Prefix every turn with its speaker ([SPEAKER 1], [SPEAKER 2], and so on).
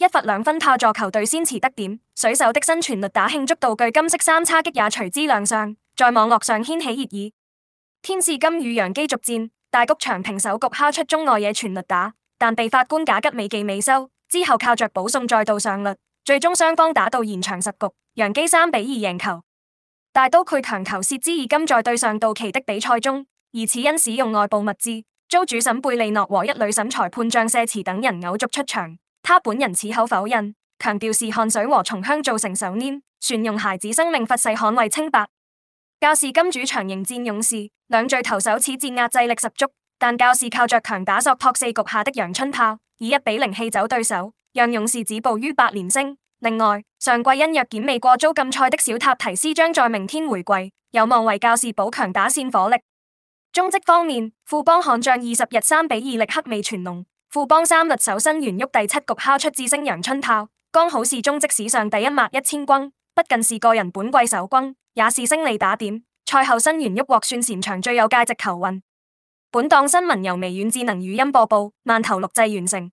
[SPEAKER 1] 一發兩分，砲助球隊先馳得點。水手的新全壘打慶祝道具金色三叉戟也隨之亮相，在網絡上掀起熱議。天使金與洋基續戰，大谷翔平首局敲出中外野全壘打，但被法官賈吉美技沒收。之後靠着保送再度上壘，最終雙方打到延長十局，洋基三比二贏球。大都會強球薛之意金在對上道奇的比賽中，疑似因使用外部物資，遭主審貝利諾和一壘審裁判將射詞等人驅逐出場。他本人矢口否認，強調是汗水和松香造成手黏，船用孩子生命發誓捍衛清白。教士今主場迎戰勇士，兩隊投手此戰壓制力十足，但教士靠着強打索托四局下的陽春炮，以一比零氣走對手，讓勇士止步於八連勝。另外，上季因藥檢未過遭禁賽的小塔提斯將在明天回歸，有望為教士補強打線火力。中職方面，富邦悍將二十日三比二力克味全龍。富邦三壘手新元旭第七局敲出致勝陽春炮，剛好是中職史上第一萬一千轟，不僅是個人本季首轟，也是勝利打點。賽後新元旭獲選全場最有價值球員。本檔新聞由微軟智能語音播報，慢頭錄製完成。